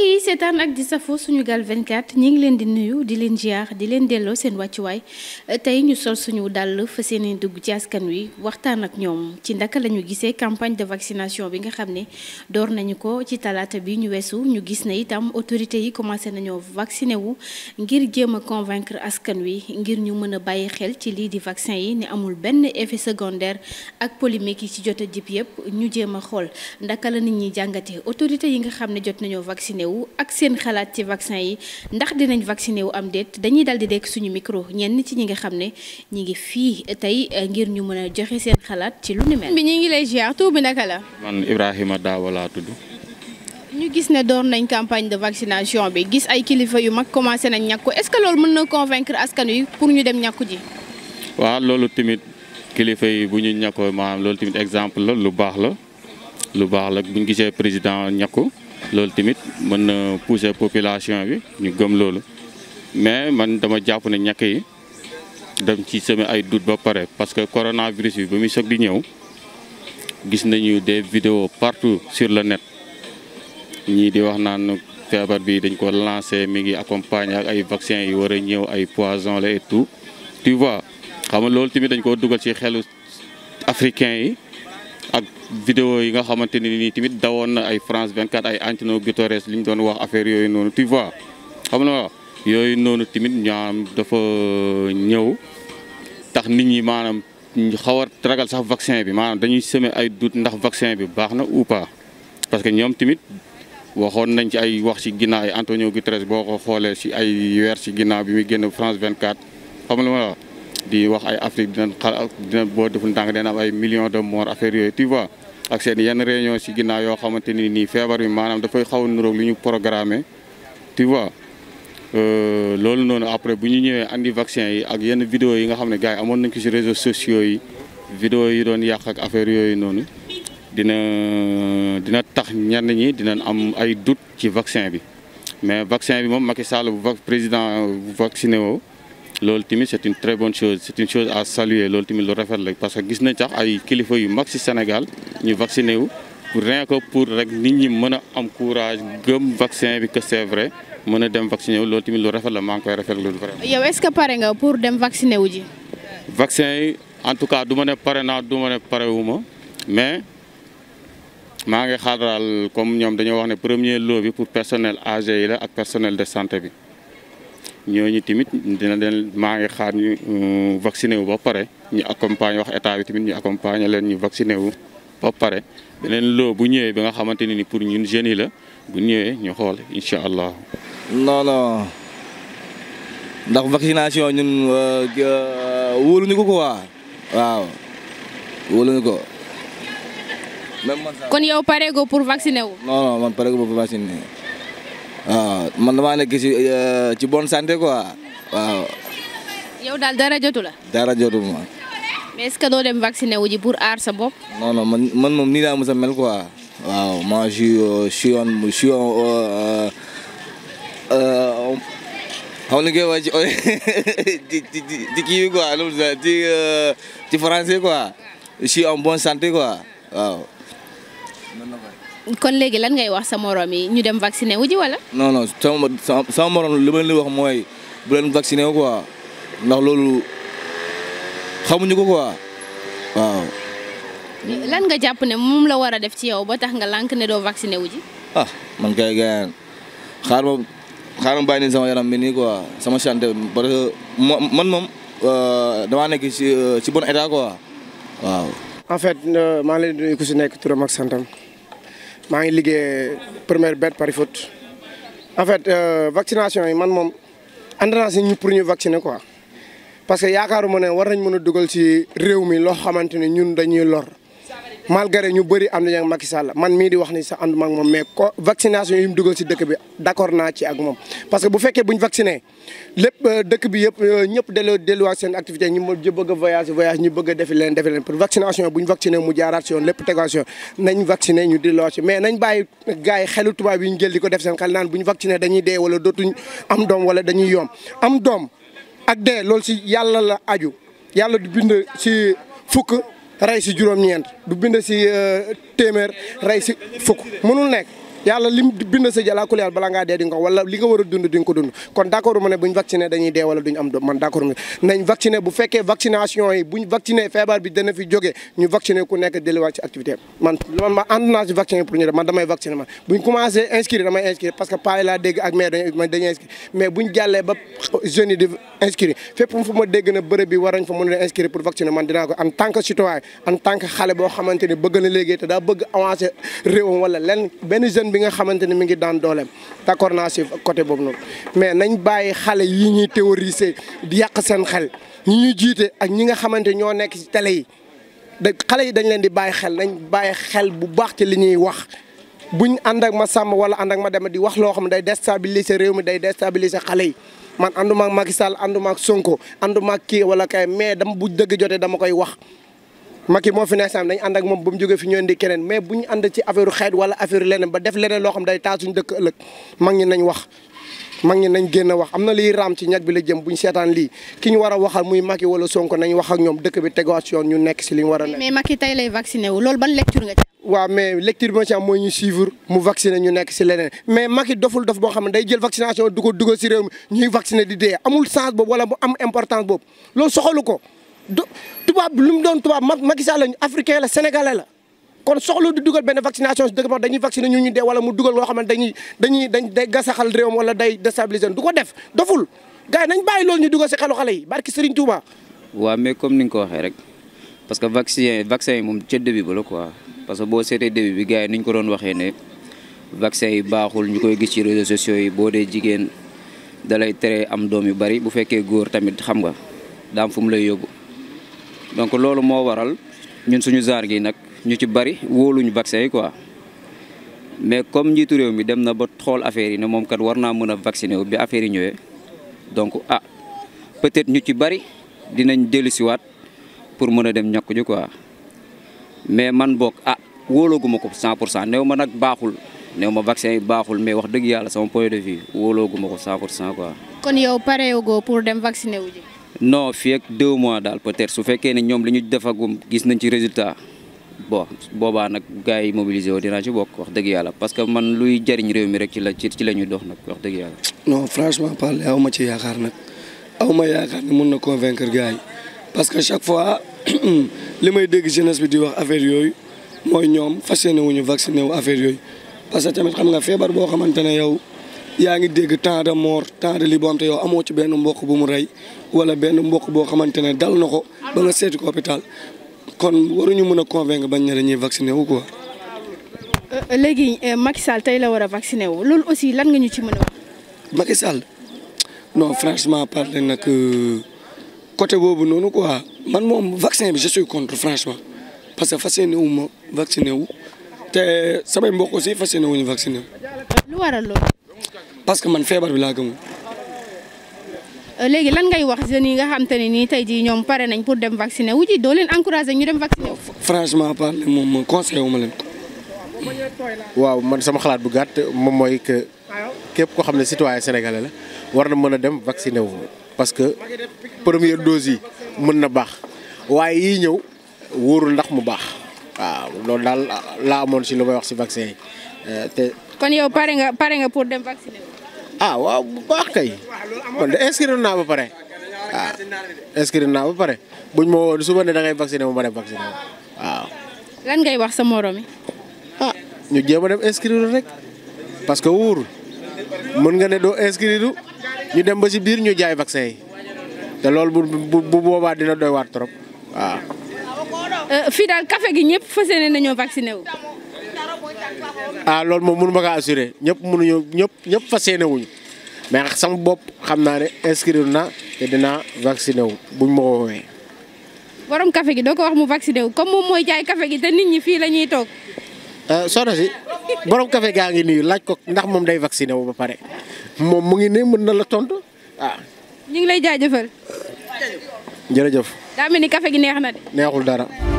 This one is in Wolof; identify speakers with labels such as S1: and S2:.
S1: mbokk yi seetaan ak di safo Sunugal 24 ñi ngi leen di nuyu di leen jiyaar di leen delloo seen waay euh, tey ñu sol suñu dàll fa seen dugg ci askan wi waxtaan ak ñoom ci ndaka la ñu gisee campagne de vaccination bi nga xam ne door nañu ko ci talaata bi ñu weesu ñu gis ne itam autorité yi commencé nañoo vacciné wu ngir jéem a convaincre askan wi ngir ñu mën a bàyyi xel ci lii di vaccin yi ne amul benn effet secondaire ak polémique yi ci jot a jib yëpp ñu jéem a xool ndaka la nit ñi jàngatee autorité yi nga xam ne jot nañoo vacciné wu wu ak seen xalaat ci vaccin yi ndax dinañ vacciné wu am déet dañuy dal di dekk suñu micro ñenn ci ñi nga xam ne ñi ngi fii tey euh, ngir ñu mën a joxe seen xalaat ci lu ni mel. bi ñu ngi lay ziar tur bi naka la.
S2: man Ibrahima Daawa laa tudd.
S1: ñu gis ne door nañ campagne de vaccination bi gis ay kilifa yu mag commencé nañ ñàkku est-ce que loolu mën na convaincre askan wi pour ñu dem ñàkku ji.
S2: waaw loolu tamit kilifa yi bu ñu ñàkkoo maanaam loolu tamit exemple la lu baax la lu baax la bu président ñàkku loolu tamit mën na pousser population bi ñu gëm loolu mais man dama jàpp ne ñàkk yi dem ci semé ay doute ba pare parce que coronavirus bi ba muy soog di ñëw gis nañu des vidéos partout sur le net ñii di wax naan feebar bi dañ ko lancé mi ngi accompagné ay vaccin yi war a ñëw ay poison la et tout tu xam nga loolu tamit dañ koo dugal ci xelu africain yi ak video yi nga xamante ne nii tamit dawoon na ay France 24 ay Antino Guterres li ñu doon wax affaire yooyu noonu tu xam na yooyu noonu tamit ñaam dafa ñëw tax nit ñi maanaam xaw a ragal sax vaccin bi maanaam dañuy seme ay doute ndax vaccin bi baax na ou pas parce que ñoom tamit waxoon nañ ci ay wax ci ginnaaw ay Antonio Guterres boo ko xoolee ci ay weer ci ginnaaw bi muy génn France 24 xam nga lu di wax ay Afrique dina xa dina boo deful ndànk den am ay millions de morts affaire yooyu tu vois ak yenn réunion si ginnaaw yoo xamante ni nii feebar bi maanaam dafay xaw a niróog li ñu programmé tu vois. Euh, loolu noonu après bu ñu ñëwee andi vaccin yi ak yenn vidéo yi nga xam ne gars yi amoon nañ ko si réseaux sociaux yi vidéo yi doon yàq ak affaire yooyu noonu dina dina tax ñenn ñi dinañ am ay doute ci vaccin bi mais vaccin bi moom Macky Sall bu président vacciné woo loolu tamit c' est une très bonne chose c' une chose à saluer loolu tamit lu rafet la parce que gis nañ sax ay kilifa yu mag ci Sénégal ñu vacciné wu pour rien que pour rek nit ñi mën a am courage gëm vaccin bi que c' mën a dem vacciné wu loolu tamit lu rafet la maa ngi koy rafetlu lu vrai.
S1: est ce que pare nga pour dem vacciné wu ji.
S2: vaccin yi en tout cas du ma ne pare naa du ma ne pare wu ma mais maa ngi xaaral comme ñoom dañoo wax ne premier lot bi pour personnel age yi la ak personnel de santé bi. ñooñu tamit dina leen maa ngi xaar ñu euh, vacciné wu ba pare ñu accompagner wax état bi tamit ñu accompagner leen ñu vacciné wu ba pare beneen loo bu ñëwee ba nga xamante ne ni pour ñun jeunes yi la bu ñëwee ñu xool incha allah.
S3: non non ndax vaccination ñun euh, euh, wóoluñu ko quoi waaw wóoluñu ko.
S4: même
S1: kon yow pare ko pour vacciner wu.
S3: non non man pare go pour vacciner. waaw man damaa nekk ci euh, ci bonne santé quoi waaw.
S1: yow daal dara jotu la.
S3: dara jotu ma.
S1: mais est-ce que doo dem vacciné wu ji pour aar sa bopp.
S3: non non man man moom nii laa mos mel quoi. waaw moi je suis on euh, je suis euh, ci ci ci kii bi quoi ci ci santé quoi waaw.
S1: kon léegi lan ngay wax sa morom yi ñu dem vacciné wu ji wala.
S3: non non sama sama morom lu ma leen wax mooy bu leen vacciné wu quoi ndax loolu xamuñu ko waaw.
S1: lan nga jàpp ne moom la war a def ci yow ba tax nga lànk ne doo vacciné wu ji.
S3: ah man kay gaan xaar ma xaar ma bàyyi nii sama yaram bi nii man moom euh, damaa nekk ci euh, ci bon état quoi waaw.
S5: en fait euh, maa ngi leen di nuyu si nekk turam ak santam. maa ngi liggéey première bête pari foot en fait euh, vaccination yi man moom ànd naa ñu pour ñu vacciner quoi parce que yaakaaruma ne war nañ mën a dugal si réew mi loo xamante ne ñun dañuy lor. malgré ñu bëri ànd nañ ak Macky Sall man mii di wax ni sa ànduma ak moom mais ko vaccination yi mu dugal si dëkk bi d'accord naa ci ak moom parce que bu fekkee buñ vacciné lépp euh, dëkk bi euh, ñëpp delluwaat seen activité ñu bëgg a voyage voyage ñu bëgg a defi leen defi leen pour vaccination buñ vacciné mu jaaraat si yoon lépp tegaat si yoon nañ vacciné ñu delluwaat si mais nañ bàyyi gars xelu tubaab yi ñu jël di ko def seen xel naan buñ vacciné dañuy dee wala dootuñ am doom wala dañuy yoom am doom ak yàlla la aju yàlla si fukk rey si juróom-ñeent du bind si euh, téeméer rey si fuk mënul nekk. yàlla lim bind sa jalaa kuliyal bala ngaa dee di ko wala li nga war a dund di nga ko dund kon d' accord ma ne buñ vacciné dañuy dee wala duñ am doom man d' accord bu fekkee vaccination yi buñ vacciné feebar bi dana fi jógee ñu vacciné ku nekk delluwaat ci activité man man naa si vaccin pour que paa yi laa dégg ak maire dañuy dañuy inscrire mais buñ jàllee a inscrire pour vacciner man dinaa ko en tant que citoyen en tant que xale boo xamante bëgg na léegi te daa bi nga xamante ne mi ngi daan dooleem d'accord naa si côté boobu noonu mais nañ bàyyi xale yi ñuy théoriser di yàq seen xel ñi ñu jiite ak ñi nga xamante ñoo nekk ci tele yi da xale yi dañ leen di bàyyi xel nañ bàyyi xel bu baax ci li ñuy wax bu ñu ànd ak ma sàmm wala ànd ak ma dem di wax loo xam ne day déstabiliser réew mi day déstabiliser xale yi man ànduma ak Macky Sall ànduma ak Sonko ànduma ak kii wala kay mais dama bu dëgg jotee dama koy wax Macky moo fi ne sam dañ ànd ak moom ba mu jógee fi ñoo indi keneen mais bu ñu ànd ci affaire xeet wala affaire leneen ba def leneen loo xam day taal mag ñi nañ wax mag wax am na liy raam ci bi la jëm bu ñu seetaan lii ki ñu war a waxal muy Macky wala Sonko nañ wax ak ñoom dëkk bi tegaat yoon ñu nekk si li ñu war a nekk. mais
S1: Macky tey lay vacciné wu loolu ban lecture nga ci
S5: waaw mais lecture bi ñu nekk si leneen mais Macky doful dof boo xam ne day jël vaccination du ko dugal si réew mi ñuy vacciné di dee amul sens boobu wala mu am importance boobu loolu soxalu ko do tubaab bi lu mu doon tubaab Macky Sall la africain la sénégalais la kon soxla du dugal benn vaccination si dëgg ba dañuy vacciner ñu ñu dee mu dugal loo xam ne dañuy dañuy dañ day gasaxal réewam wala day déstabiliser du ko def doful gars nañ bàyyi loolu ñu dugal si xelu xale yi barki Serigne Touba.
S4: waaw mais comme ni nga ko waxee rek parce que vaccin vaccin yi moom ca début ba la quoi parce que boo seetee début bi gars yi ni ñu ko doon waxee ne vaccin yi baaxul ñu koy gis ci réseaux sociaux yi boo dee jigéen dalay tere am doom yu bari bu fekkee góor tamit xam nga daam fu lay yóbbu. donc loolu moo waral ñun suñu genre gi nag ñu ci bari wóoluñu vaccin yi quoi mais comme njiitu réew mi dem na ba xool affaire yi ne moom kat war naa mën a vacciner wu bi affaire yi ñëwee donc ah peut-être ñu ci bari dinañ dellusiwaat pour mën a dem ñàkk ji mais man boog ah wóolooguma ko 100 pour cent néew ma nag baaxul new ma vaccin yi baaxul mais wax dëgg yàlla sama point de vue wóolooguma ko 100 pour cent quoi.
S1: pour dem vacciner wu
S4: non fii ak deux mois daal peut su fekkee ne ñoom li ñu defagum gis nañ ci résultat bon boobaa nag gars yi mobilisé woo dinaa ci bokk wax dëgg yàlla parce que man luy jariñ réew mi rek ci la ci ci la ñuy dox nag wax dëgg yàlla.
S3: no franchement parler aw ci yaakaar nag
S5: aw ma yaakaar ne mun na convaincre gars yi parce que chaque fois li may dégg jeunesse bi di wax affaire yooyu mooy ñoom fas yéene wu wu affaire yooyu parce que tamit xam nga feebar boo xamante ne yow. yaa ngi dégg temps de mort temps de lii boo xam te yow amoo ci benn mbokk bu mu rey wala benn mbokk boo xamante ne dal na ko ba nga seeti ko hôpital kon ñu mën a convaincre bañ ne dañuy vacciner wu quoi.
S1: Euh, léegi euh, Macky Sall tey la war a vacciner wu loolu aussi lan nga ñu ci mën a
S5: wax. Macky non franchement parler nag euh, côté boobu noonu quoi man moom vaccin bi je suis contre franchement parce que fas yéene wu ma vacciner wu te samay mbokk aussi fas yéene wu ñu vacciner wu.
S1: lu waral loolu.
S6: parce que man feebar bi laa gëmul.
S1: Euh, léegi lan ngay wax jeunes yi nga xam te ne nii tey jii ñoom pare nañ pour dem vacciner wu ji doo leen encouragé ñu dem vacciner
S6: franchement parler moom conseil wu ma leen waaw man sama xalaat bu gàtt moom mooy que képp koo xam ne citoyen sénégalais la war na mën a dem vacciner wu parce que première dose yi mën na baax waaye yii ñëw wóorul ndax mu baax waaw loolu daal laa amoon si lu may wax si vaccin yi euh,
S1: kon yow pare nga pare nga pour dem vacciner
S6: ah waaw bu baax kay man de inscrire naa ba pare waaw ah, naa ba pare buñ ma woon suba ne da ngay vacciné wu ma dem vacciné waaw.
S1: lan ngay wax sa morom yi. ah
S6: ñu jéem a dem inscrire rek parce que wóorul mën nga ne doo inscrire ñu dem ba si biir ñu jaay vaccin yi te loolu bu bu bu boobaa dina doy waat trop waaw.
S1: Euh, fii daal café gi ñëpp fas yéene nañoo vacciné
S6: ah loolu moom mënu ma kaa assuré ñëpp mënuñu ñëpp ñëpp fas yéene wuñu mais sama bopp xam naa ne inscrire na te dinaa vacciné wu buñ ma woowee.
S1: borom café gi doo ko wax mu vacciné wu comme moom mooy jaay café gi te nit ñi fii la ñuy toog.
S6: Euh, soxna si borom kafe gaa ngi nuyu laaj ko ndax moom day vacciné wu ba pare moom mu ngi ne mën na la tontu ah.
S1: ngi lay jaajëfal. jërëjëf. daa mel ni café gi neex na de.
S6: neexul dara.